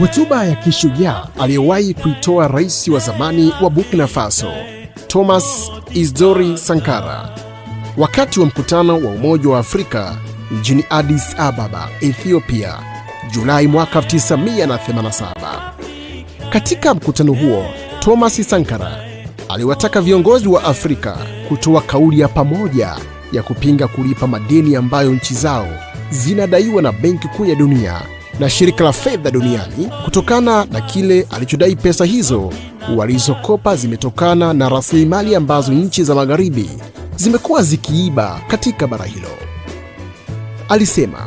Hotuba ya kishujaa aliyewahi kuitoa rais wa zamani wa Burkina Faso Thomas isdori Sankara wakati wa mkutano wa Umoja wa Afrika mjini Addis Ababa, Ethiopia, Julai mwaka 1987. Katika mkutano huo, Thomas Sankara aliwataka viongozi wa Afrika kutoa kauli ya pamoja ya kupinga kulipa madeni ambayo nchi zao zinadaiwa na Benki Kuu ya Dunia na shirika la fedha duniani kutokana na kile alichodai pesa hizo walizokopa zimetokana na rasilimali ambazo nchi za magharibi zimekuwa zikiiba katika bara hilo. Alisema,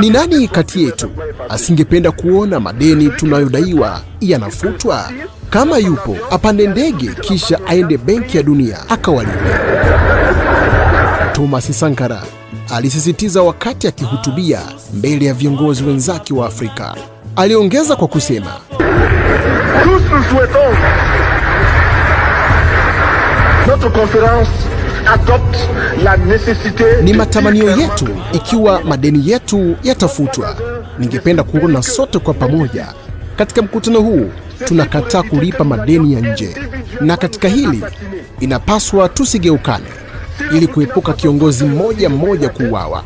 ni nani kati yetu asingependa kuona madeni tunayodaiwa yanafutwa? Kama yupo apande ndege kisha aende Benki ya Dunia akawalipe. Thomas Sankara alisisitiza wakati akihutubia mbele ya viongozi wenzake wa Afrika. Aliongeza kwa kusema ni matamanio yetu ikiwa madeni yetu yatafutwa. Ningependa kuona sote kwa pamoja katika mkutano huu tunakataa kulipa madeni ya nje, na katika hili inapaswa tusigeukane ili kuepuka kiongozi mmoja mmoja kuuawa.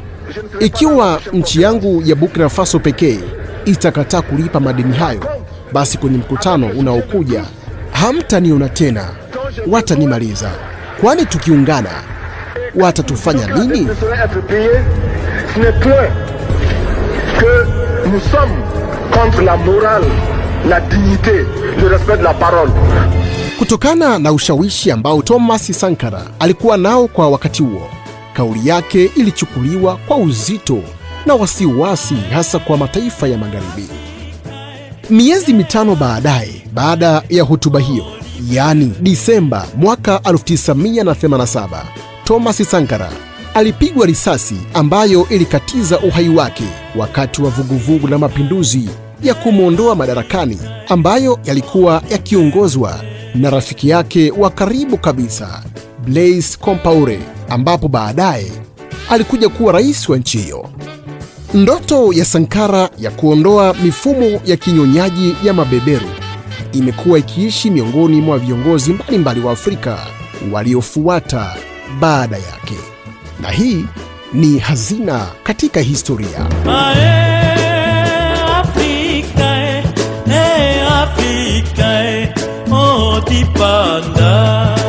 Ikiwa nchi yangu ya Burkina Faso pekee itakataa kulipa madeni hayo, basi kwenye mkutano unaokuja hamtaniona tena, watanimaliza. Kwani tukiungana watatufanya nini? la morale, la dignité, le respect de la parole. Kutokana na ushawishi ambao Thomas Sankara alikuwa nao kwa wakati huo, kauli yake ilichukuliwa kwa uzito na wasiwasi, hasa kwa mataifa ya Magharibi. Miezi mitano baadaye, baada ya hotuba hiyo, yaani Disemba mwaka 1987, Thomas Sankara alipigwa risasi ambayo ilikatiza uhai wake wakati wa vuguvugu la mapinduzi ya kumwondoa madarakani ambayo yalikuwa yakiongozwa na rafiki yake wa karibu kabisa Blaise Compaore, ambapo baadaye alikuja kuwa rais wa nchi hiyo. Ndoto ya Sankara ya kuondoa mifumo ya kinyonyaji ya mabeberu imekuwa ikiishi miongoni mwa viongozi mbalimbali wa Afrika waliofuata baada yake, na hii ni hazina katika historia. di pandang